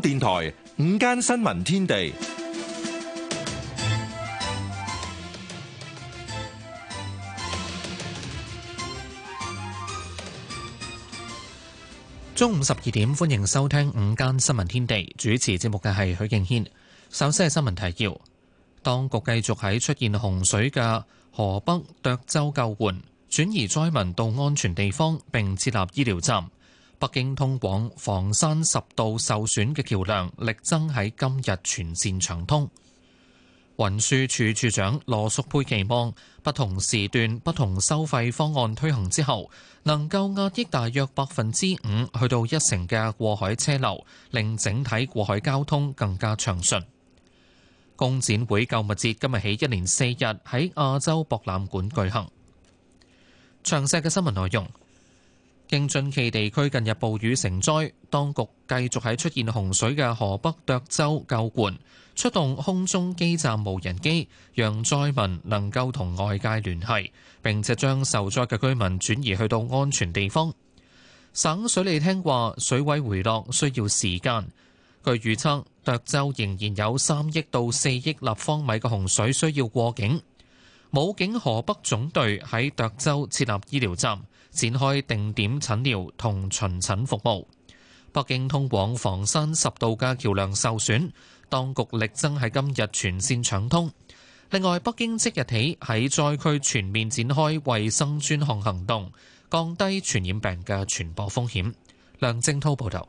電台午間新聞天地，中午十二點歡迎收聽午間新聞天地。主持節目嘅係許敬軒。首先係新聞提要：當局繼續喺出現洪水嘅河北涿州救援，轉移災民到安全地方，並設立醫療站。北京通往房山十道受損嘅橋樑力爭喺今日全線暢通。運輸署署長羅淑佩期望不同時段、不同收費方案推行之後，能夠壓抑大約百分之五去到一成嘅過海車流，令整體過海交通更加暢順。工展會購物節今日起一連四日喺亞洲博覽館舉行。詳細嘅新聞內容。京津冀地區近日暴雨成災，當局繼續喺出現洪水嘅河北涿州救援，出動空中基站無人機，讓災民能夠同外界聯繫，並且將受災嘅居民轉移去到安全地方。省水利廳話水位回落需要時間，據預測，涿州仍然有三億到四億立方米嘅洪水需要過境。武警河北總隊喺涿州設立醫療站。展開定點診療同巡診服務。北京通往房山十渡嘅橋樑受損，當局力爭喺今日全線搶通。另外，北京即日起喺災區全面展開衛生專項行動，降低傳染病嘅傳播風險。梁正濤報道。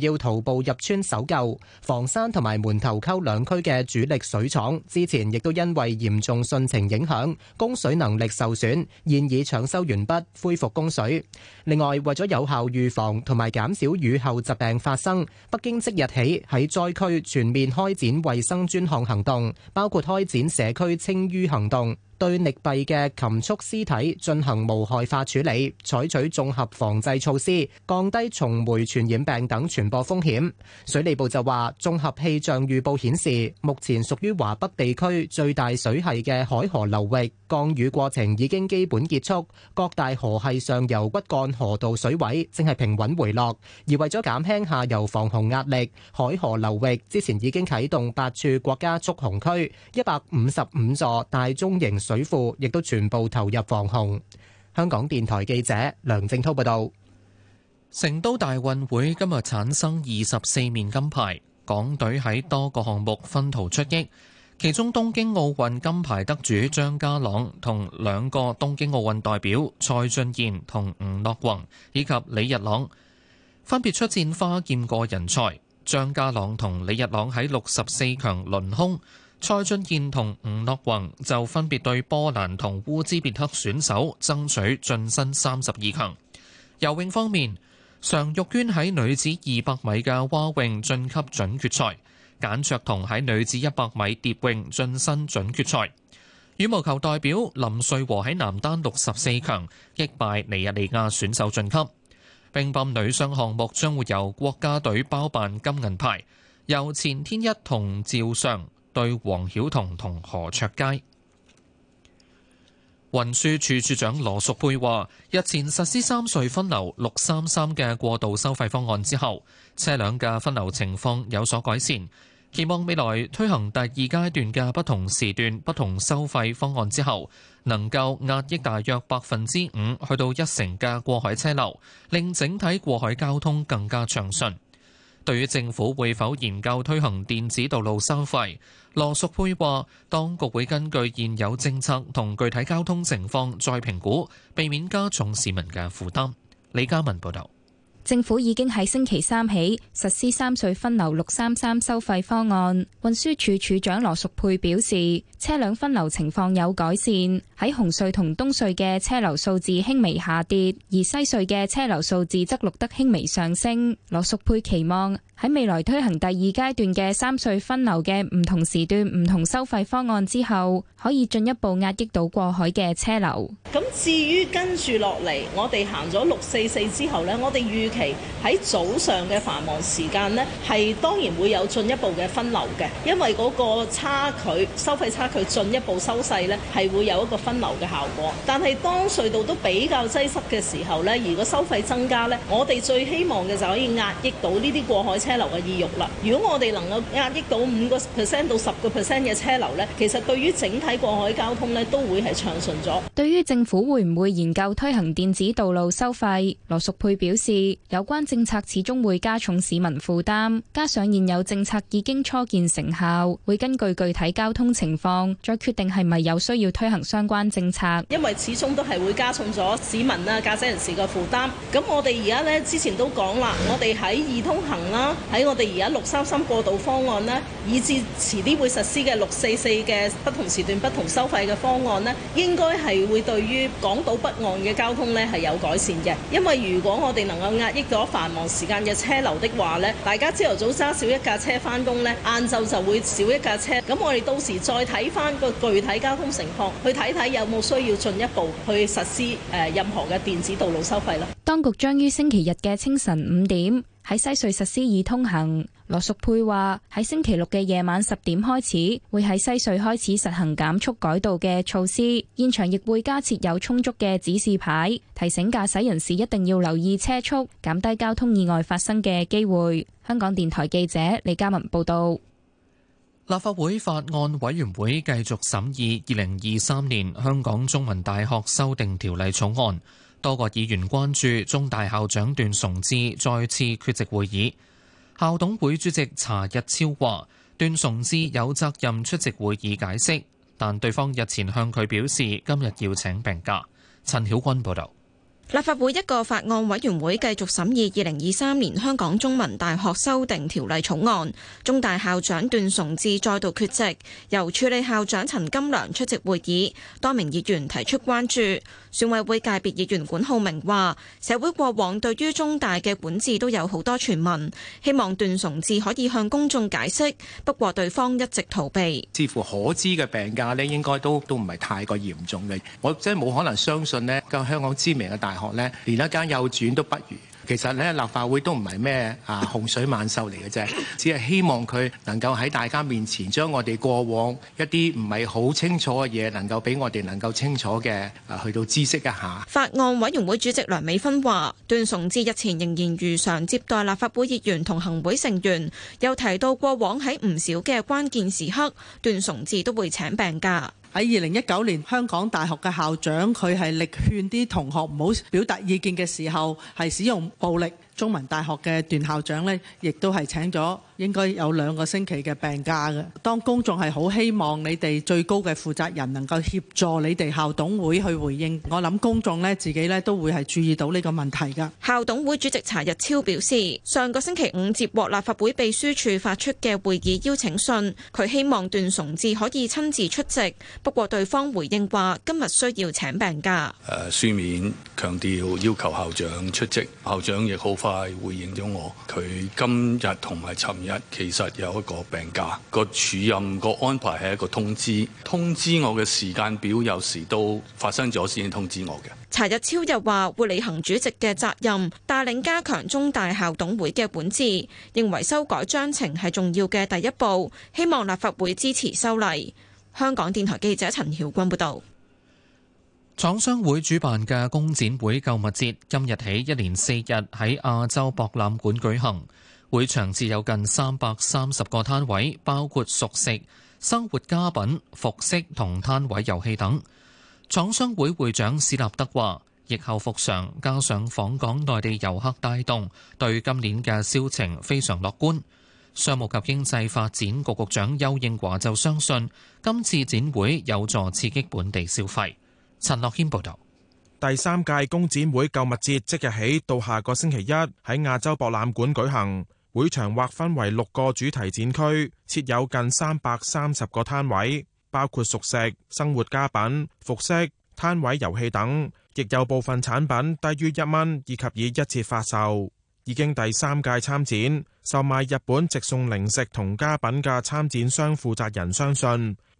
要徒步入村搜救。房山同埋門頭溝兩區嘅主力水廠之前亦都因為嚴重汛情影響供水能力受損，現已搶修完畢，恢復供水。另外，為咗有效預防同埋減少雨後疾病發生，北京即日起喺災區全面開展衛生專項行動，包括開展社區清淤行動。對溺斃嘅禽畜屍體進行無害化處理，採取綜合防制措施，降低蟲媒傳染病等傳播風險。水利部就話，綜合氣象預報顯示，目前屬於華北地區最大水系嘅海河流域降雨過程已經基本結束，各大河系上游骨幹河道水位正係平穩回落。而為咗減輕下游防洪壓力，海河流域之前已經啟動八處國家蓄洪區，一百五十五座大中型水庫亦都全部投入防洪。香港電台記者梁正濤報道：成都大運會今日產生二十四面金牌，港隊喺多個項目分途出擊。其中，東京奧運金牌得主張家朗同兩個東京奧運代表蔡俊賢同吳樂宏以及李日朗分別出戰花劍個人賽。張家朗同李日朗喺六十四強輪空。蔡俊健同吳諾宏就分別對波蘭同烏茲別克選手爭取晉身三十二強。游泳方面，常玉娟喺女子二百米嘅蛙泳晉級準決賽，簡卓同喺女子一百米蝶泳晉身準決賽。羽毛球代表林瑞和喺男單六十四強擊敗尼日利亞選手晉級。乒乓女雙項目將會由國家隊包辦金銀牌，由錢天一同趙尚對黃曉彤同何卓佳，運輸署署長羅淑佩話：日前實施三隧分流六三三嘅過渡收費方案之後，車輛嘅分流情況有所改善，期望未來推行第二階段嘅不同時段不同收費方案之後，能夠壓抑大約百分之五去到一成嘅過海車流，令整體過海交通更加暢順。對於政府會否研究推行電子道路收費，羅淑佩話，當局會根據現有政策同具體交通情況再評估，避免加重市民嘅負擔。李嘉文報道。政府已經喺星期三起實施三隧分流六三三收費方案。運輸署署長羅淑佩表示，車輛分流情況有改善，喺紅隧同東隧嘅車流數字輕微下跌，而西隧嘅車流數字則錄得輕微上升。羅淑佩期望喺未來推行第二階段嘅三隧分流嘅唔同時段唔同收費方案之後，可以進一步壓抑到過海嘅車流。咁至於跟住落嚟，我哋行咗六四四之後呢，我哋預喺早上嘅繁忙時間呢，係當然會有進一步嘅分流嘅，因為嗰個差距收費差距進一步收細呢，係會有一個分流嘅效果。但係當隧道都比較擠塞嘅時候呢，如果收費增加呢，我哋最希望嘅就可以壓抑到呢啲過海車流嘅意欲啦。如果我哋能夠壓抑到五個 percent 到十個 percent 嘅車流呢，其實對於整體過海交通呢都會係暢順咗。對於政府會唔會研究推行電子道路收費，羅淑佩表示。有關政策始終會加重市民負擔，加上現有政策已經初見成效，會根據具體交通情況再決定係咪有需要推行相關政策。因為始終都係會加重咗市民啦、駕駛人士嘅負擔。咁我哋而家呢，之前都講啦，我哋喺二通行啦，喺我哋而家六三三過渡方案呢。以至遲啲會實施嘅六四四嘅不同時段不同收費嘅方案咧，應該係會對於港島北岸嘅交通咧係有改善嘅。因為如果我哋能夠壓抑咗繁忙時間嘅車流的話咧，大家朝頭早揸少一架車返工咧，晏晝就會少一架車。咁我哋到時再睇返個具體交通情況，去睇睇有冇需要進一步去實施誒任何嘅電子道路收費啦。當局將於星期日嘅清晨五點，喺西隧實施已通行。羅淑佩話：喺星期六嘅夜晚十點開始，會喺西隧開始實行減速改道嘅措施，現場亦會加設有充足嘅指示牌，提醒駕駛人士一定要留意車速，減低交通意外發生嘅機會。香港電台記者李嘉文報道。立法會法案委員會繼續審議二零二三年香港中文大學修訂條例草案。多個議員關注中大校長段崇智再次缺席會議，校董會主席查日超話，段崇智有責任出席會議解釋，但對方日前向佢表示今日要請病假。陳曉君報道。立法會一個法案委員會繼續審議二零二三年香港中文大學修訂條例草案，中大校長段崇智再度缺席，由助理校長陳金良出席會議。多名議員提出關注，選委會界別議員管浩明話：社會過往對於中大嘅管治都有好多傳聞，希望段崇智可以向公眾解釋，不過對方一直逃避。似乎可知嘅病假咧，應該都都唔係太過嚴重嘅，我真係冇可能相信呢個香港知名嘅大。學咧，連一間幼稚園都不如。其實咧，立法會都唔係咩啊洪水猛獸嚟嘅啫，只係希望佢能夠喺大家面前將我哋過往一啲唔係好清楚嘅嘢，能夠俾我哋能夠清楚嘅啊，去到知識一下。法案委員會主席梁美芬話，段崇智日前仍然如常接待立法會議員同行會成員，又提到過往喺唔少嘅關鍵時刻，段崇智都會請病假。喺二零一九年，香港大學嘅校長，佢係力勸啲同學唔好表達意見嘅時候，係使用暴力。中文大學嘅段校長呢，亦都係請咗應該有兩個星期嘅病假嘅。當公眾係好希望你哋最高嘅負責人能夠協助你哋校董會去回應，我諗公眾呢，自己呢都會係注意到呢個問題㗎。校董會主席查日超表示，上個星期五接獲立法會秘書處發出嘅會議邀請信，佢希望段崇智可以親自出席，不過對方回應話今日需要請病假。誒、呃、書面強調要求校長出席，校長亦好快回應咗我，佢今日同埋尋日其實有一個病假，個主任個安排係一個通知，通知我嘅時間表有時都發生咗先通知我嘅。查日超又話會履行主席嘅責任，帶領加強中大校董會嘅管治，認為修改章程係重要嘅第一步，希望立法會支持修例。香港電台記者陳曉君報導。廠商會主辦嘅工展會購物節今日起一連四日喺亞洲博覽館舉行，會場設有近三百三十個攤位，包括熟食、生活家品、服飾同攤位遊戲等。廠商會會長史立德話：疫後復常加上訪港內地遊客帶動，對今年嘅銷情非常樂觀。商務及經濟發展局局長邱應華就相信今次展會有助刺激本地消費。陳樂謙報道：第三屆工展會購物節即日起到下個星期一喺亞洲博覽館舉行，會場劃分為六個主題展區，設有近三百三十個攤位，包括熟食、生活家品、服飾、攤位遊戲等，亦有部分產品低於一蚊以及以一次發售。已經第三屆參展、售賣日本直送零食同家品嘅參展商負責人相信。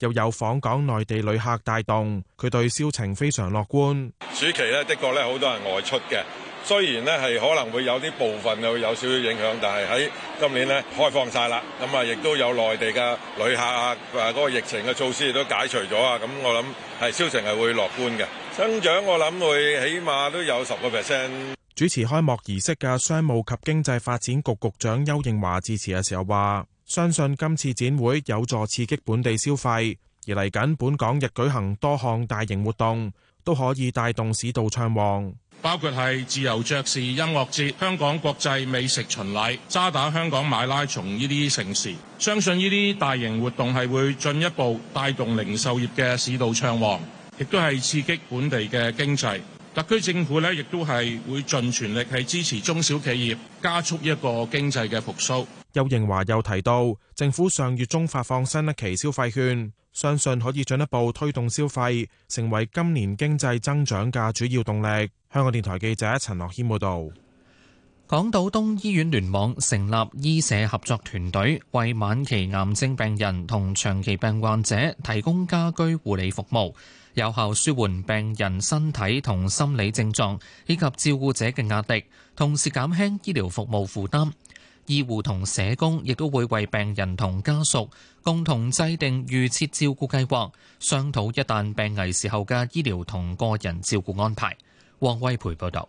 又有訪港內地旅客帶動，佢對銷情非常樂觀。暑期咧，的確咧，好多人外出嘅，雖然咧係可能會有啲部分會有少少影響，但係喺今年咧開放晒啦，咁啊亦都有內地嘅旅客啊嗰個疫情嘅措施亦都解除咗啊，咁我諗係銷情係會樂觀嘅，增長我諗會起碼都有十個 percent。主持開幕儀式嘅商務及經濟發展局局長邱應華致辭嘅時候話，相信今次展會有助刺激本地消費，而嚟緊本港亦舉行多項大型活動，都可以帶動市道暢旺。包括係自由爵士音樂節、香港國際美食巡禮、渣打香港馬拉松呢啲盛事，相信呢啲大型活動，係會進一步帶動零售業嘅市道暢旺，亦都係刺激本地嘅經濟。特區政府咧，亦都係會盡全力係支持中小企業，加速一個經濟嘅復甦。邱應樺又提到，政府上月中發放新一期消費券，相信可以進一步推動消費，成為今年經濟增長嘅主要動力。香港電台記者陳樂謙報道。港島東醫院聯網成立醫社合作團隊，為晚期癌症病人同長期病患者提供家居護理服務，有效舒緩病人身體同心理症狀，以及照顧者嘅壓力，同時減輕醫療服務負擔。醫護同社工亦都會為病人同家屬共同制定預設照顧計劃，商討一旦病危時候嘅醫療同個人照顧安排。黃威培報導，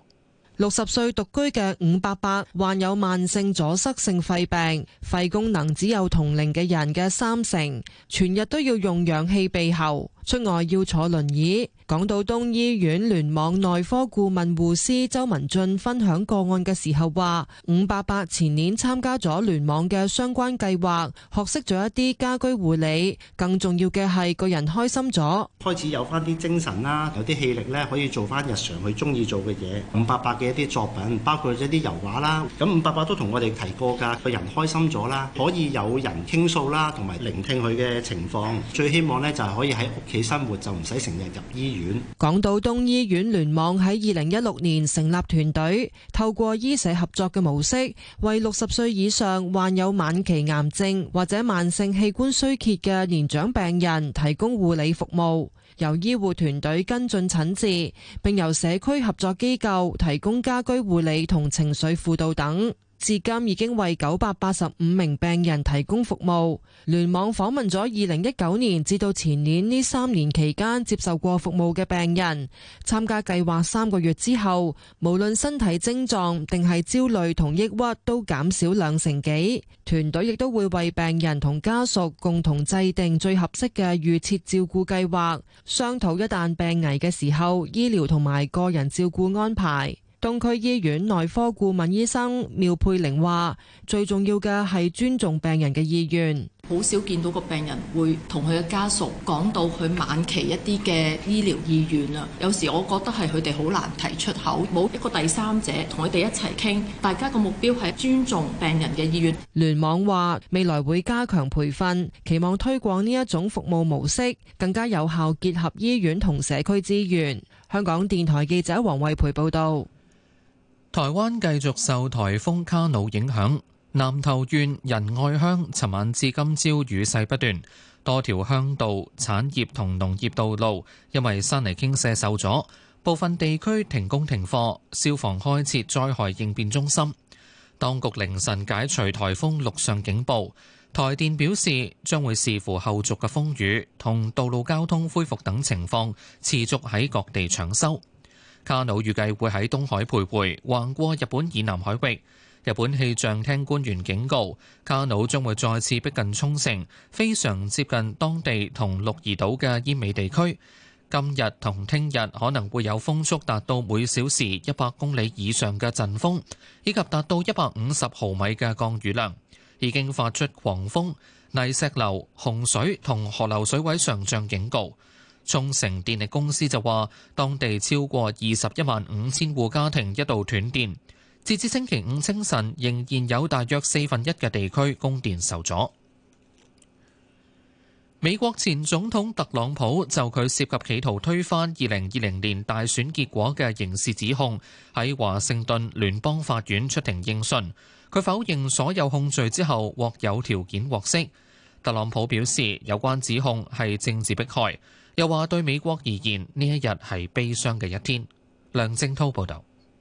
六十歲獨居嘅伍伯伯患有慢性阻塞性肺病，肺功能只有同齡嘅人嘅三成，全日都要用氧氣鼻喉。出外要坐輪椅，港島東醫院聯網內科顧問護師周文俊分享個案嘅時候話，伍伯伯前年參加咗聯網嘅相關計劃，學識咗一啲家居護理，更重要嘅係個人開心咗，開始有返啲精神啦，有啲氣力呢可以做返日常佢中意做嘅嘢。伍伯伯嘅一啲作品包括一啲油畫啦，咁伍伯伯都同我哋提過㗎，個人開心咗啦，可以有人傾訴啦，同埋聆聽佢嘅情況，最希望呢就係可以喺屋企生活就唔使成日入醫院。港島東醫院聯網喺二零一六年成立團隊，透過醫社合作嘅模式，為六十歲以上患有晚期癌症或者慢性器官衰竭嘅年長病人提供護理服務，由醫護團隊跟進診治，並由社區合作機構提供家居護理同情緒輔導等。至今已經為九百八十五名病人提供服務。聯網訪問咗二零一九年至到前年呢三年期間接受過服務嘅病人，參加計劃三個月之後，無論身體症狀定係焦慮同抑鬱都減少兩成幾。團隊亦都會為病人同家屬共同制定最合適嘅預設照顧計劃，商討一旦病危嘅時候，醫療同埋個人照顧安排。東區醫院內科顧問醫生廖佩玲話：最重要嘅係尊重病人嘅意願。好少見到個病人會同佢嘅家屬講到佢晚期一啲嘅醫療意願啦。有時我覺得係佢哋好難提出口，冇一個第三者同佢哋一齊傾，大家個目標係尊重病人嘅意願。聯網話，未來會加強培訓，期望推廣呢一種服務模式，更加有效結合醫院同社區資源。香港電台記者黃慧培報道。台灣繼續受颱風卡努影響，南投縣仁愛鄉尋晚至今朝雨勢不斷，多條鄉道、產業同農業道路因為山泥傾瀉受阻，部分地區停工停課，消防開設災害應變中心。當局凌晨解除颱風陸上警報，台電表示將會視乎後續嘅風雨同道路交通恢復等情況，持續喺各地搶修。卡努預計會喺東海徘徊，橫過日本以南海域。日本氣象廳官員警告，卡努將會再次逼近沖繩，非常接近當地同鹿兒島嘅奄美地區。今日同聽日可能會有風速達到每小時一百公里以上嘅陣風，以及達到一百五十毫米嘅降雨量。已經發出狂風、泥石流、洪水同河流水位上漲警告。中城電力公司就話，當地超過二十一萬五千戶家庭一度斷電，截至星期五清晨，仍然有大約四分一嘅地區供電受阻。美國前總統特朗普就佢涉及企圖推翻二零二零年大選結果嘅刑事指控，喺華盛頓聯邦法院出庭應訊，佢否認所有控罪之後獲有條件獲釋。特朗普表示，有關指控係政治迫害。又話對美國而言，呢一日係悲傷嘅一天。梁正濤報導。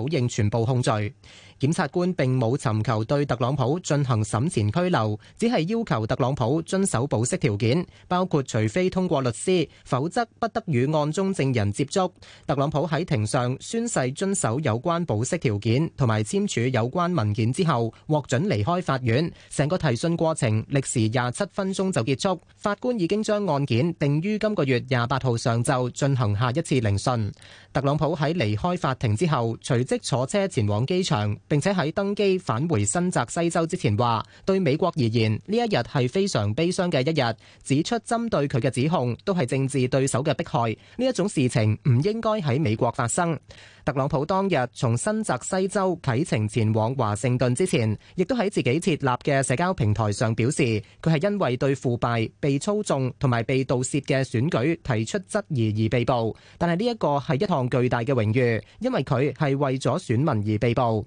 否認全部控罪。檢察官並冇尋求對特朗普進行審前拘留，只係要求特朗普遵守保釋條件，包括除非通過律師，否則不得與案中證人接觸。特朗普喺庭上宣誓遵守有關保釋條件，同埋簽署有關文件之後，獲准離開法院。成個提訊過程歷時廿七分鐘就結束。法官已經將案件定於今個月廿八號上晝進行下一次聆訊。特朗普喺離開法庭之後，隨即坐車前往機場。並且喺登機返回新澤西州之前，話對美國而言呢一日係非常悲傷嘅一日。指出針對佢嘅指控，都係政治對手嘅迫害，呢一種事情唔應該喺美國發生。特朗普當日從新澤西州啟程前往華盛頓之前，亦都喺自己設立嘅社交平台上表示，佢係因為對腐敗、被操縱同埋被盜竊嘅選舉提出質疑而被捕，但係呢一個係一項巨大嘅榮譽，因為佢係為咗選民而被捕。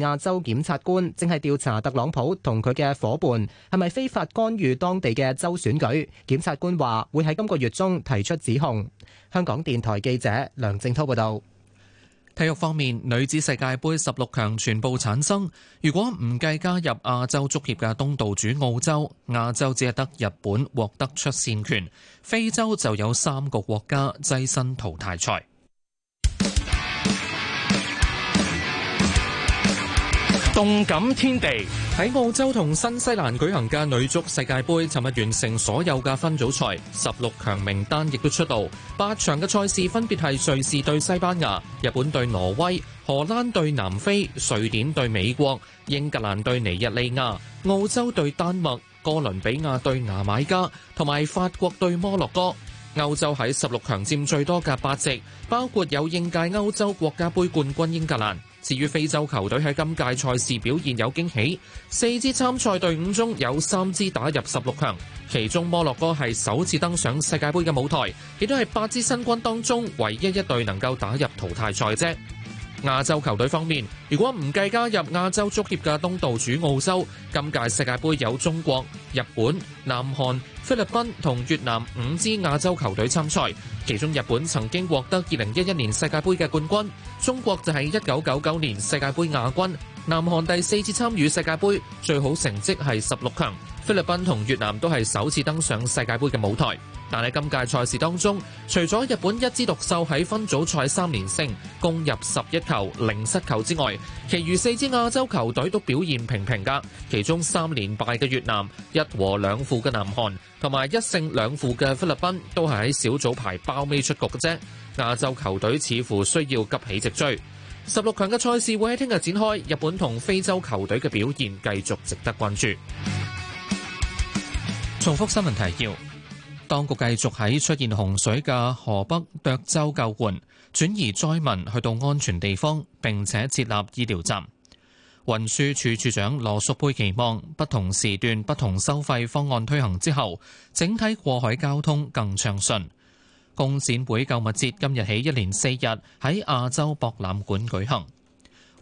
亞洲檢察官正係調查特朗普同佢嘅伙伴係咪非法干預當地嘅州選舉。檢察官話會喺今個月中提出指控。香港電台記者梁正濤報道。體育方面，女子世界杯十六強全部產生。如果唔計加入亞洲足協嘅東道主澳洲，亞洲只係得日本獲得出線權。非洲就有三個國家躋身淘汰賽。動感天地喺澳洲同新西蘭舉行嘅女足世界杯，尋日完成所有嘅分組賽，十六強名單亦都出爐。八場嘅賽事分別係瑞士對西班牙、日本對挪威、荷蘭對南非、瑞典對美國、英格蘭對尼日利亞、澳洲對丹麥、哥倫比亞對牙買加，同埋法國對摩洛哥。歐洲喺十六強佔最多嘅八席，包括有應屆歐洲國家杯冠軍英格蘭。至於非洲球隊喺今屆賽事表現有驚喜，四支參賽隊伍中有三支打入十六強，其中摩洛哥係首次登上世界盃嘅舞台，亦都係八支新軍當中唯一一隊能夠打入淘汰賽啫。亞洲球隊方面，如果唔計加入亞洲足協嘅東道主澳洲，今屆世界盃有中國、日本、南韓、菲律賓同越南五支亞洲球隊參賽，其中日本曾經獲得2011年世界盃嘅冠軍，中國就係1999年世界盃亞軍，南韓第四次參與世界盃，最好成績係16強。菲律賓同越南都係首次登上世界盃嘅舞台，但喺今屆賽事當中，除咗日本一枝獨秀喺分組賽三連勝，攻入十一球，零失球之外，其餘四支亞洲球隊都表現平平㗎。其中三連敗嘅越南、一和兩負嘅南韓同埋一勝兩負嘅菲律賓，都係喺小組排包尾出局嘅啫。亞洲球隊似乎需要急起直追。十六強嘅賽事會喺聽日展開，日本同非洲球隊嘅表現繼續值得關注。重複新聞提要：當局繼續喺出現洪水嘅河北涿州救援，轉移災民去到安全地方，並且設立醫療站。運輸處處長羅淑佩期望不同時段不同收費方案推行之後，整體過海交通更暢順。工展會購物節今日起一連四日喺亞洲博覽館舉行。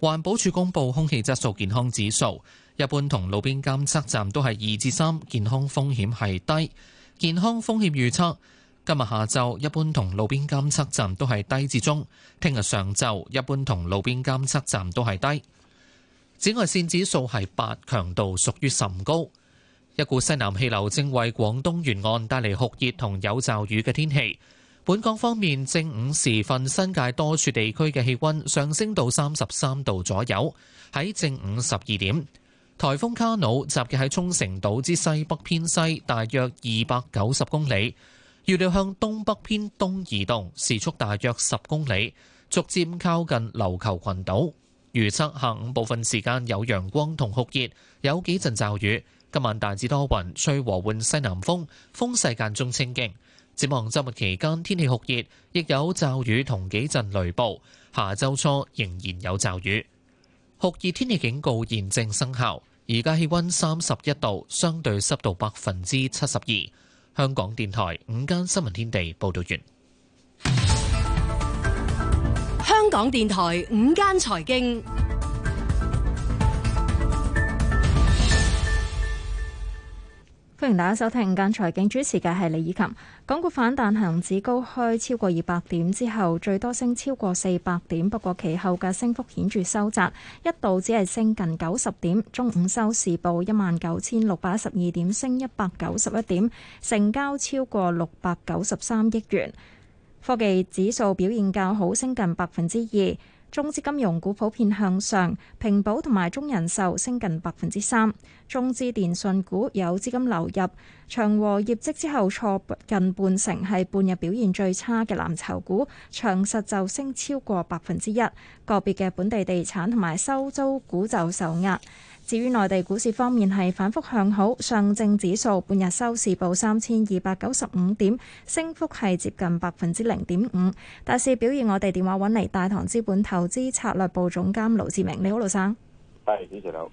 環保署公布空氣質素健康指數。一般同路邊監測站都係二至三，健康風險係低。健康風險預測今日下晝一般同路邊監測站都係低至中，聽日上晝一般同路邊監測站都係低。紫外線指數係八，強度屬於甚高。一股西南氣流正為廣東沿岸帶嚟酷熱同有驟雨嘅天氣。本港方面，正午時分，新界多處地區嘅氣溫上升到三十三度左右。喺正午十二點。颱風卡努集結喺沖繩島之西北偏西，大約二百九十公里，預料向東北偏東移動，時速大約十公里，逐漸靠近琉球群島。預測下午部分時間有陽光同酷熱，有幾陣驟雨。今晚大致多雲，吹和緩西南風，風勢間中清勁。展望週末期間，天氣酷熱，亦有驟雨同幾陣雷暴。下週初仍然有驟雨，酷熱天氣警告現正生效。而家氣溫三十一度，相對濕度百分之七十二。香港電台午間新聞天地報道完。香港電台午間財經。歡迎大家收聽《間財經》，主持嘅係李以琴。港股反彈，恒指高開超過二百點之後，最多升超過四百點，不過其後嘅升幅顯著收窄，一度只係升近九十點。中午收市報一萬九千六百一十二點，升一百九十一點，成交超過六百九十三億元。科技指數表現較好，升近百分之二。中資金融股普遍向上，平保同埋中人壽升近百分之三。中資電信股有資金流入，長和業績之後挫近半成，係半日表現最差嘅藍籌股。長實就升超過百分之一，個別嘅本地地產同埋收租股就受壓。至於內地股市方面係反覆向好，上證指數半日收市報三千二百九十五點，升幅係接近百分之零點五。大市表現，我哋電話揾嚟大唐資本投資策略部總監盧志明，你好，盧生。係主持人好。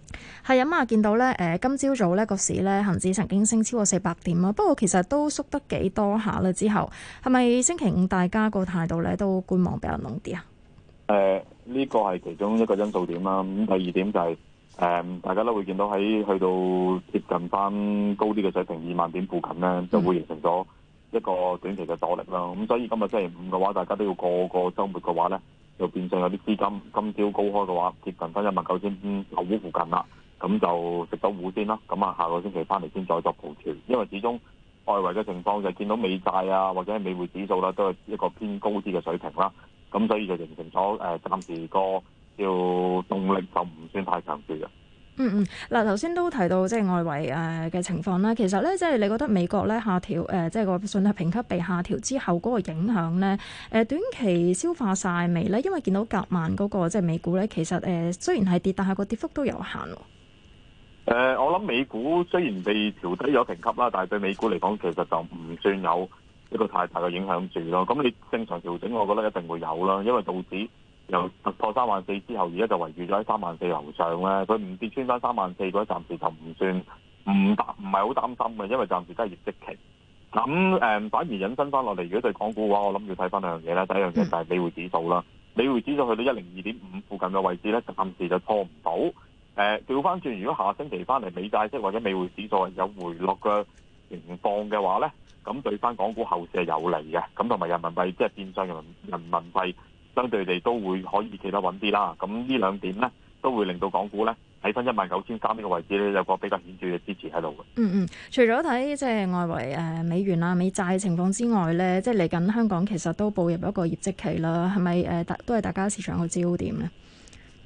係咁啊，見到呢，誒，今朝早呢個市呢，恒指曾經升超過四百點啊。不過其實都縮得幾多下啦。之後係咪星期五大家個態度呢都觀望比較濃啲啊？誒、呃，呢、這個係其中一個因素點啦。咁第二點就係、是。誒，大家都會見到喺去到接近翻高啲嘅水平二萬點附近咧，就會形成咗一個短期嘅阻力啦。咁所以今日星期五嘅話，大家都要過個週末嘅話咧，就變成有啲資金今朝高開嘅話，接近翻一萬九千九毫附近啦，咁就食到糊先啦。咁啊，下個星期翻嚟先再作部署，因為始終外圍嘅情況就係見到美債啊，或者係美匯指數啦，啊，都係一個偏高啲嘅水平啦。咁所以就形成咗，誒，暫、呃、時個。叫動力就唔算太強啲嘅。嗯嗯，嗱，頭先都提到即係外圍誒嘅情況啦。其實咧即係你覺得美國咧下調誒，即係個信貸評級被下調之後嗰個影響咧，誒、呃、短期消化晒未咧？因為見到隔晚嗰、那個即係、就是、美股咧，其實誒、呃、雖然係跌，但係個跌幅都有限。誒、呃，我諗美股雖然被調低咗評級啦，但係對美股嚟講，其實就唔算有一個太大嘅影響住咯。咁你正常調整，我覺得一定會有啦，因為道指，又破三萬四之後，而家就圍住咗喺三萬四樓上咧。佢唔跌穿翻三萬四，咁暫時就唔算唔唔係好擔心嘅。因為暫時都係業績期。咁誒，反而引申翻落嚟，如果對港股嘅話，我諗要睇翻兩樣嘢啦。第一樣嘢就係美匯指數啦。美匯指數去到一零二點五附近嘅位置咧，暫時就破唔到。誒、呃，調翻轉，如果下星期翻嚟美債息或者美匯指數有回落嘅情況嘅話咧，咁對翻港股後市係有利嘅。咁同埋人民幣，即係變相人民人民幣，相對地都會可以企得穩啲啦，咁呢兩點呢，都會令到港股呢喺翻一萬九千三呢個位置呢，有個比較顯著嘅支持喺度嘅。嗯嗯，除咗睇即係外圍誒、呃、美元啊美債情況之外呢，即係嚟緊香港其實都步入一個業績期啦，係咪誒都係大家市場個焦點咧？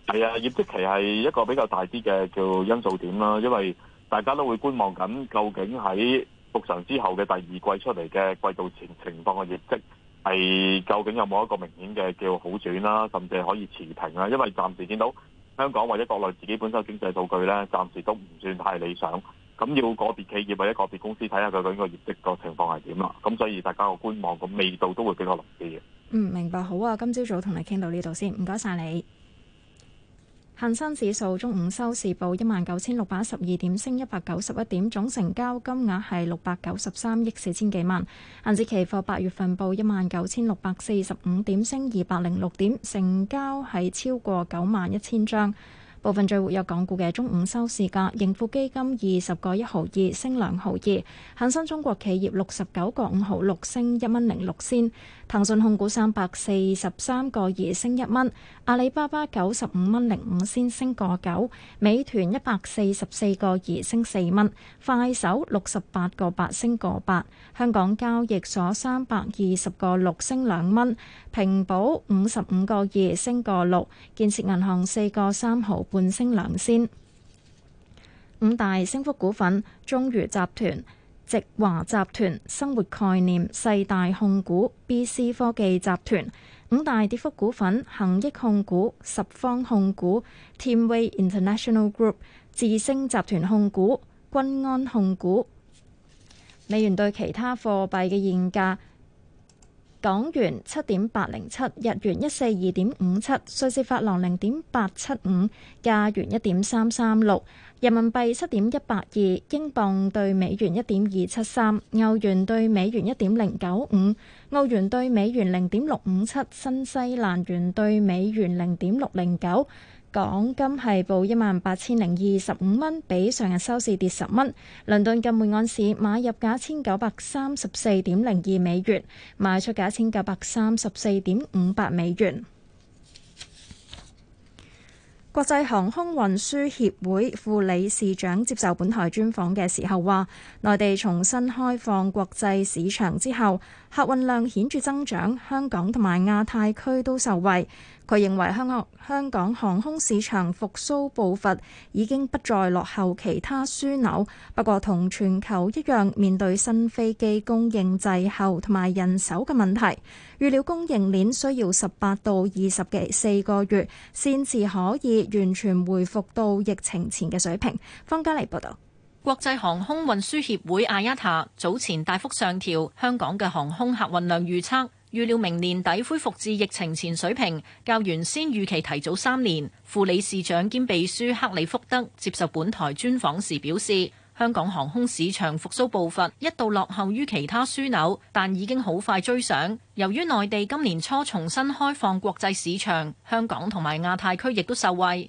係啊，業績期係一個比較大啲嘅叫因素點啦，因為大家都會觀望緊究竟喺復常之後嘅第二季出嚟嘅季度前情情況嘅業績。係究竟有冇一個明顯嘅叫好轉啦，啊，甚至係可以持平啦，啊？因為暫時見到香港或者國內自己本身經濟數據咧，暫時都唔算太理想。咁要個別企業或者個別公司睇下佢究竟個業績個情況係點啦。咁所以大家個觀望個味道都會比較濃啲嘅。嗯，明白。好啊。今朝早同你傾到呢度先，唔該晒你。恒生指數中午收市報一萬九千六百十二點，升一百九十一點，總成交金額係六百九十三億四千幾萬。恒指期貨八月份報一萬九千六百四十五點，升二百零六點，成交係超過九萬一千張。部分最活躍港股嘅中午收市價，盈富基金二十個一毫二，升兩毫二；恒生中國企業六十九個五毫六，升一蚊零六仙；騰訊控股三百四十三個二，升一蚊；阿里巴巴九十五蚊零五仙，升個九；美團一百四十四個二，升四蚊；快手六十八個八，升個八；香港交易所三百二十個六，升兩蚊。平保五十五個二，升個六；建設銀行四個三毫半，升兩仙。五大升幅股份：中宇集團、直華集團、生活概念、世大控股、B C 科技集團。五大跌幅股份：恒益控股、十方控股、Teamway International Group、智星集團控股、君安控股。美元對其他貨幣嘅現價。港元七點八零七，日元一四二點五七，瑞士法郎零點八七五，加元一點三三六，人民幣七點一八二，英鎊對美元一點二七三，歐元對美元一點零九五，澳元對美元零點六五七，新西蘭元對美元零點六零九。港金係報一萬八千零二十五蚊，比上日收市跌十蚊。倫敦金每盎司買入價一千九百三十四點零二美元，賣出價一千九百三十四點五八美元。國際航空運輸協會副理事長接受本台專訪嘅時候話，內地重新開放國際市場之後，客運量顯著增長，香港同埋亞太區都受惠。佢認為香港香港航空市場復甦步伐已經不再落後其他樞紐，不過同全球一樣，面對新飛機供應滯後同埋人手嘅問題，預料供應鏈需要十八到二十嘅四個月，先至可以完全回復到疫情前嘅水平。方家莉報導。國際航空運輸協會亞一塔早前大幅上調香港嘅航空客運量預測。預料明年底恢復至疫情前水平，較原先預期提早三年。副理事長兼秘書克里福德接受本台專訪時表示，香港航空市場復甦步伐一度落後於其他樞紐，但已經好快追上。由於內地今年初重新開放國際市場，香港同埋亞太區亦都受惠。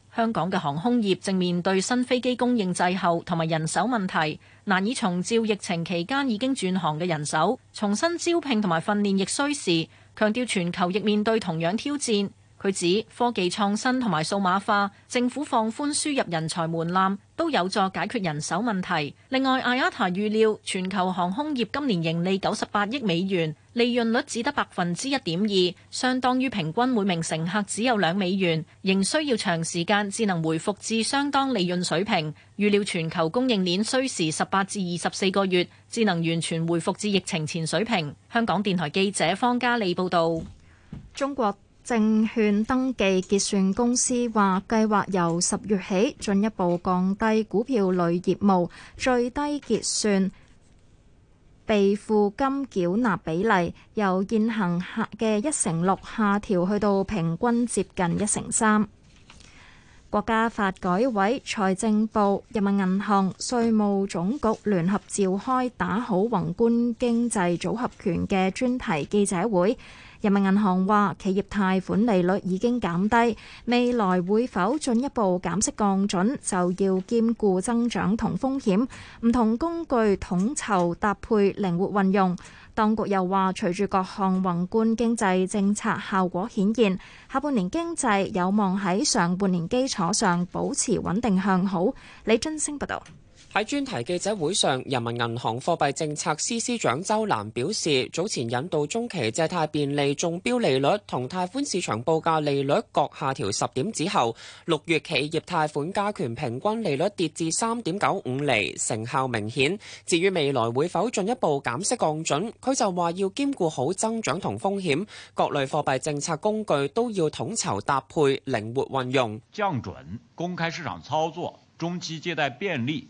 香港嘅航空業正面對新飛機供應滯後同埋人手問題，難以重照疫情期間已經轉行嘅人手，重新招聘同埋訓練亦需時。強調全球亦面對同樣挑戰。佢指科技創新同埋數碼化，政府放寬輸入人才門檻，都有助解決人手問題。另外，IATA 預料全球航空業今年盈利九十八億美元。利潤率只得百分之一點二，相當於平均每名乘客只有兩美元，仍需要長時間才能回復至相當利潤水平。預料全球供應鏈需時十八至二十四個月，才能完全回復至疫情前水平。香港電台記者方嘉利報道。中國證券登記結算公司話，計劃由十月起進一步降低股票類業務最低結算。備付金繳納比例由現行嘅嘅一成六下調去到平均接近一成三。國家發改委、財政部、人民銀行、稅務總局聯合召開打好宏觀經濟組合拳嘅專題記者會。人民銀行話，企業貸款利率已經減低，未來會否進一步減息降準，就要兼顧增長同風險，唔同工具統籌搭配，靈活運用。當局又話，隨住各項宏觀經濟政策效果顯現，下半年經濟有望喺上半年基礎上保持穩定向好。李津升報道。喺專題記者會上，人民銀行貨幣政策司司長鄒瀾表示，早前引導中期借貸便利中標利率同貸款市場報價利率各下調十點之後，六月企業貸款加權平均利率跌至三點九五厘，成效明顯。至於未來會否進一步減息降準，佢就話要兼顧好增長同風險，各類貨幣政策工具都要統籌搭配，靈活運用。降準、公開市場操作、中期借貸便利、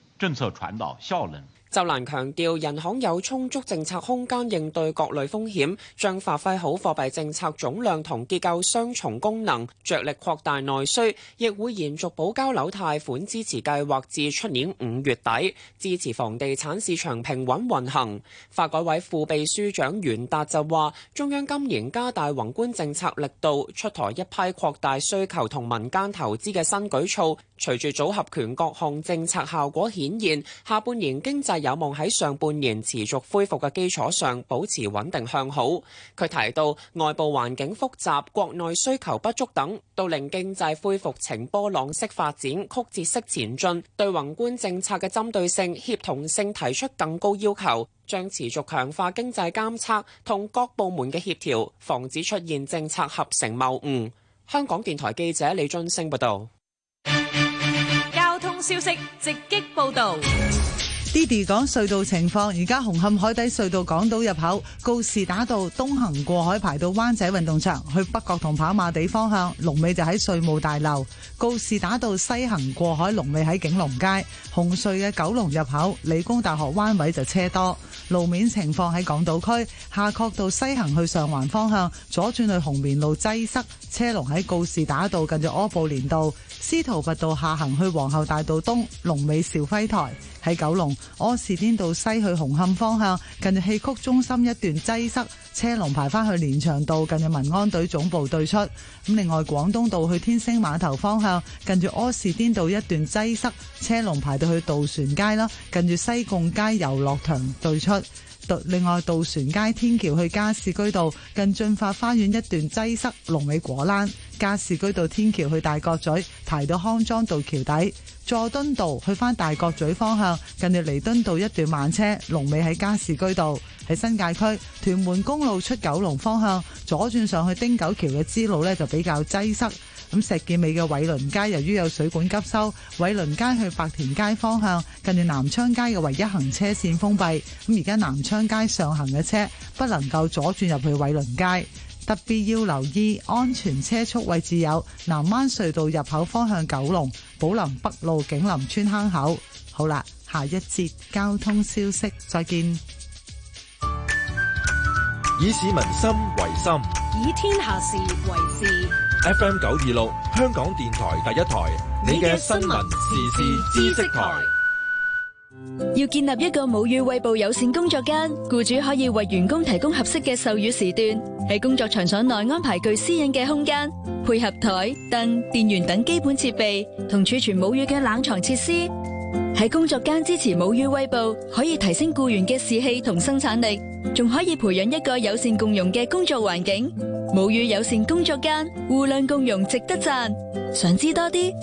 政策傳導效能。鄒瀾強調人行有充足政策空間應對各類風險，將發揮好貨幣政策總量同結構雙重功能，着力擴大內需，亦會延續保交樓貸款支持計劃至出年五月底，支持房地產市場平穩運行。發改委副秘書長袁達就話：中央今年加大宏觀政策力度，出台一批擴大需求同民間投資嘅新舉措，隨住組合拳各項政策效果顯現，下半年經濟。有望喺上半年持續恢復嘅基礎上保持穩定向好。佢提到外部環境複雜、國內需求不足等，都令經濟恢復呈波浪式發展、曲折式前進，對宏觀政策嘅針對性、協同性提出更高要求。將持續強化經濟監測同各部門嘅協調，防止出現政策合成謬誤。香港電台記者李津升報道。交通消息直擊報導。d i d 講隧道情況，而家紅磡海底隧道港島入口告士打道東行過海排到灣仔運動場去北角同跑馬地方向，龍尾就喺稅務大樓，告士打道西行過海龍尾喺景隆街，紅隧嘅九龍入口理工大學灣位就車多。路面情況喺港島區夏慤道西行去上環方向左轉去紅棉路擠塞，車龍喺告士打道近住柯布連道。司徒拔道下行去皇后大道東，龍尾肇輝臺。喺九龍柯士甸道西去紅磡方向，近住戲曲中心一段擠塞，車龍排翻去連翔道，近住民安隊總部對出。咁另外，廣東道去天星碼頭方向，近住柯士甸道一段擠塞，車龍排到去渡船街啦，近住西貢街遊樂場對出。另外，渡船街天橋去加士居道近駿發花園一段擠塞，龍尾果欄；加士居道天橋去大角咀排到康莊道橋底，佐敦道去返大角咀方向近住彌敦道一段慢車，龍尾喺加士居道。喺新界區屯門公路出九龍方向左轉上去汀九橋嘅支路呢，就比較擠塞。咁石硤尾嘅偉倫街由於有水管急修，偉倫街去白田街方向近住南昌街嘅唯一行車線封閉。咁而家南昌街上行嘅車不能夠左轉入去偉倫街，特別要留意安全車速位置有南灣隧道入口方向九龍寶林北路景林村坑口。好啦，下一節交通消息再見。以市民心為心，以天下事為事。F M 九二六，香港電台第一台，你嘅新聞時事知識台。要建立一個母乳餵哺友善工作間，雇主可以為員工提供合適嘅授乳時段，喺工作場所內安排具私隱嘅空間，配合枱櫈、電源等基本設備同儲存母乳嘅冷藏設施。喺工作間支持母乳餵哺，可以提升雇員嘅士氣同生產力。仲可以培養一個友善共融嘅工作環境，母乳友善工作間，互諒共融值得讚，想知多啲。